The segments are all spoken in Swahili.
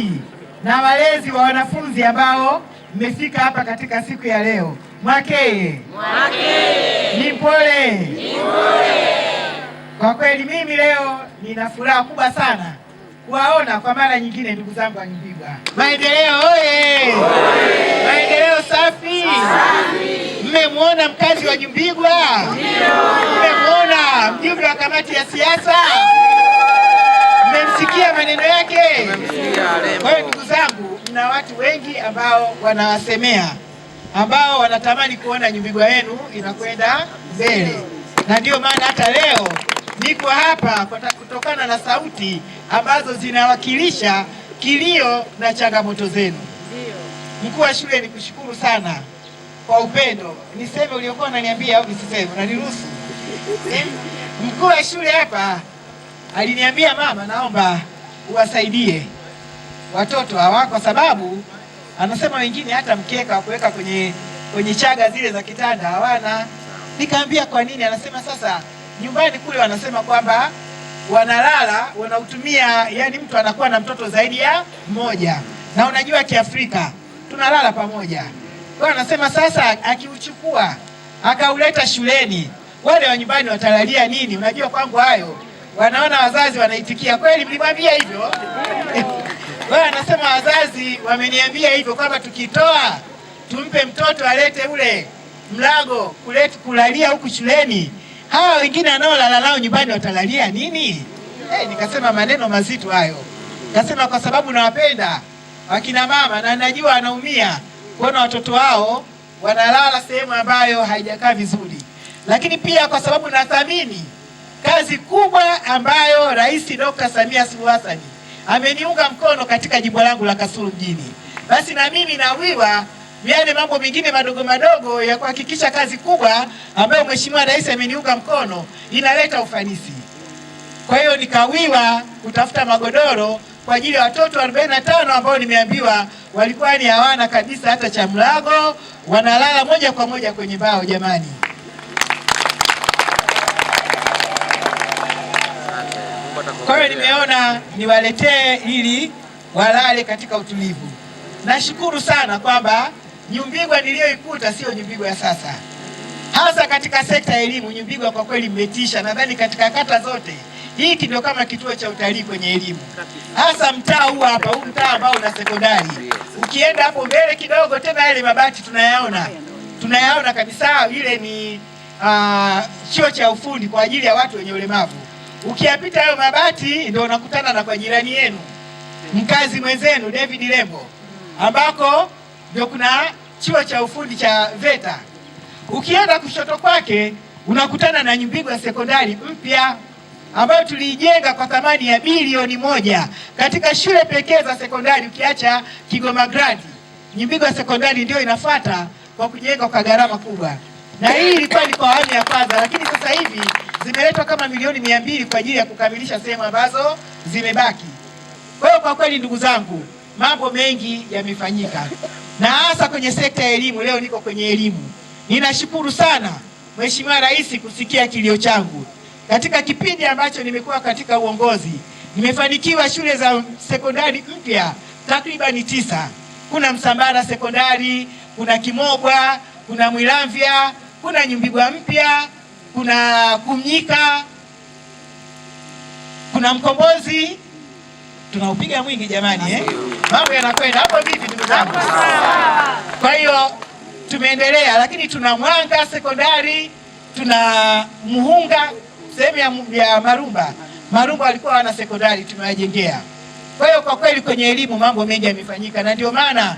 msaidizi na walezi wa wanafunzi ambao mmefika hapa katika siku ya leo. Mwakeye ni pole. Kwa kweli mimi leo nina furaha kubwa sana kuwaona kwa mara nyingine, ndugu zangu Wangibigwa. Maendeleo oye! Maendeleo safi! Mmemwona mkazi wa Nyumbigwa, mmemwona mjumbe wa kamati ya siasa maneno yake. Kwa hiyo ndugu zangu, mna watu wengi ambao wanawasemea, ambao wanatamani kuona Nyumbigwa yenu inakwenda mbele, na ndiyo maana hata leo niko hapa kutokana na sauti ambazo zinawakilisha kilio na changamoto zenu. Mkuu wa shule, nikushukuru sana kwa upendo. Niseme uliokuwa unaniambia au nisiseme? Unaniruhusu? Eh? Mkuu wa shule hapa aliniambia mama, naomba uwasaidie watoto hawa, kwa sababu anasema wengine hata mkeka wa kuweka kwenye, kwenye chaga zile za kitanda hawana. Nikaambia kwa nini? Anasema sasa nyumbani kule wanasema kwamba wanalala wanautumia, yani mtu anakuwa na mtoto zaidi ya mmoja, na unajua Kiafrika tunalala pamoja. Kwa anasema sasa akiuchukua akauleta shuleni, wale wa nyumbani watalalia nini? Unajua kwangu hayo wanaona wazazi wanaitikia kweli, mlimwambia hivyo? Wao anasema wazazi wameniambia hivyo kwamba tukitoa tumpe mtoto alete ule mlago kuleta kulalia huku shuleni, hawa wengine wanaolala nao nyumbani watalalia nini? Hey, eh, nikasema maneno mazito hayo. Nikasema kwa sababu nawapenda wakina mama na najua wanaumia kuona watoto wao wanalala sehemu ambayo haijakaa vizuri, lakini pia kwa sababu nathamini kazi kubwa ambayo Rais Dr. Samia Suluhu Hassan ameniunga mkono katika jimbo langu la Kasulu mjini, basi na mimi nawiwa yale mambo mengine madogo madogo ya kuhakikisha kazi kubwa ambayo Mheshimiwa Rais ameniunga mkono inaleta ufanisi. Kwa hiyo nikawiwa kutafuta magodoro kwa ajili ya watoto 45 ambao nimeambiwa walikuwa ni hawana kabisa hata cha mlago, wanalala moja kwa moja kwenye mbao. Jamani, Kwa hiyo nimeona niwaletee ili walale katika utulivu. Nashukuru sana kwamba Nyumbigwa niliyoikuta sio Nyumbigwa ya sasa, hasa katika sekta ya elimu. Nyumbigwa kwa kweli mmetisha, nadhani katika kata zote hiki ndio kama kituo cha utalii kwenye elimu, hasa mtaa huu hapa, huu mtaa ambao una sekondari. Ukienda hapo mbele kidogo tena, yale mabati tunayaona, tunayaona kabisa. Ile ni uh, ah, chuo cha ufundi kwa ajili ya watu wenye ulemavu. Ukiyapita hayo mabati ndio unakutana na kwa jirani yenu mkazi mwenzenu David Lembo, ambako ndio kuna chuo cha ufundi cha VETA. Ukienda kushoto kwake unakutana na Nyumbigwa sekondari mpya ambayo tuliijenga kwa thamani ya bilioni moja katika shule pekee za sekondari ukiacha Kigoma Grandi. Nyumbigwa sekondari ndio inafata kwa kujenga kwa gharama kubwa, na hii ilikuwa ni kwa awamu ya kwanza, lakini sasa hivi zimeletwa kama milioni mia mbili kwa ajili ya kukamilisha sehemu ambazo zimebaki. Kwa hiyo kwa kweli, ndugu zangu, mambo mengi yamefanyika na hasa kwenye sekta ya elimu. Leo niko kwenye elimu, ninashukuru sana Mheshimiwa Rais kusikia kilio changu. Katika kipindi ambacho nimekuwa katika uongozi, nimefanikiwa shule za sekondari mpya takribani tisa. Kuna Msambara sekondari, kuna Kimogwa, kuna Mwilamvya, kuna Nyumbigwa mpya kuna Kumnyika, kuna Mkombozi. Tunaupiga mwingi jamani eh? Mambo yanakwenda hapo vipi ndugu zangu? Kwa hiyo tumeendelea, lakini tuna Mwanga sekondari, tuna Muhunga sehemu ya Marumba. Marumba walikuwa wana sekondari, tumewajengea. Kwa hiyo kwa kweli kwenye elimu mambo mengi yamefanyika, na ndio maana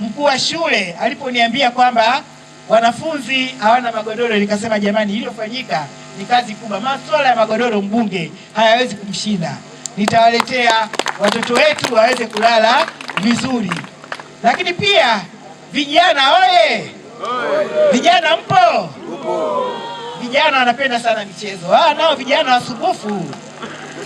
mkuu wa shule aliponiambia kwamba wanafunzi hawana magodoro. Nikasema jamani, iliyofanyika ni kazi kubwa. Masuala ya magodoro mbunge hayawezi kumshinda, nitawaletea watoto wetu waweze kulala vizuri. Lakini pia vijana oye, vijana mpo? Vijana wanapenda sana michezo, ah, nao vijana wasumbufu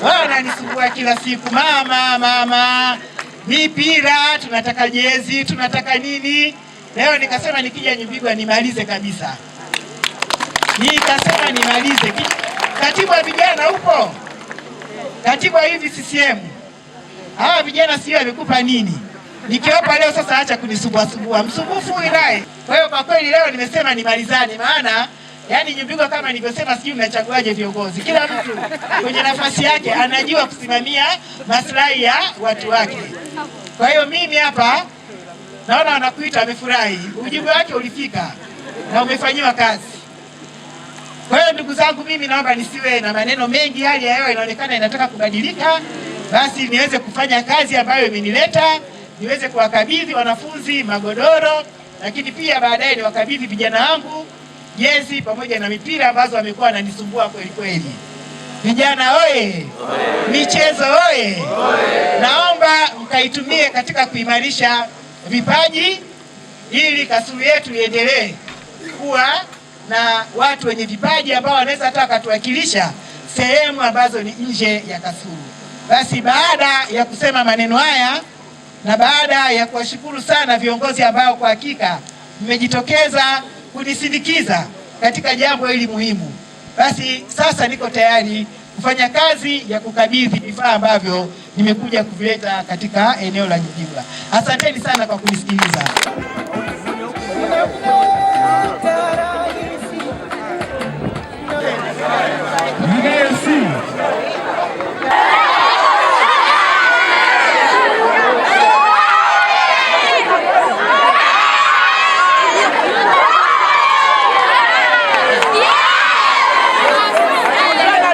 wananisumbua ah, kila siku, mama mama, mipira tunataka jezi, tunataka nini Leo nikasema nikija Nyumbigwa nimalize kabisa, nikasema nimalize. Katibu wa vijana upo? Katibu wa hivi CCM, hawa vijana sio wamekupa nini? nikiopa leo sasa, acha kunisubuasubua, msumbufu huyu naye. Kwa hiyo kwa kweli leo nimesema nimalizane, maana yaani Nyumbigwa kama nilivyosema, sijui mnachaguaje viongozi. Kila mtu kwenye nafasi yake anajua kusimamia maslahi ya watu wake. Kwa hiyo mimi hapa naona wanakuita wamefurahi ujumbe wake ulifika na umefanyiwa kazi. Kwa hiyo ndugu zangu, mimi naomba nisiwe na maneno mengi. Hali ya hewa inaonekana inataka kubadilika, basi niweze kufanya kazi ambayo imenileta, niweze kuwakabidhi wanafunzi magodoro, lakini pia baadaye niwakabidhi vijana wangu jezi pamoja na mipira ambazo wamekuwa wananisumbua kweli kweli. Vijana oye! Michezo oye! Naomba mkaitumie katika kuimarisha vipaji ili KASULU yetu iendelee kuwa na watu wenye vipaji ambao wanaweza hata wakatuwakilisha sehemu ambazo ni nje ya KASULU. Basi baada ya kusema maneno haya na baada ya kuwashukuru sana viongozi ambao kwa hakika mmejitokeza kunisindikiza katika jambo hili muhimu, basi sasa niko tayari kufanya kazi ya kukabidhi vifaa ambavyo nimekuja kuvileta katika eneo la Jijibla. Asanteni sana kwa kunisikiliza.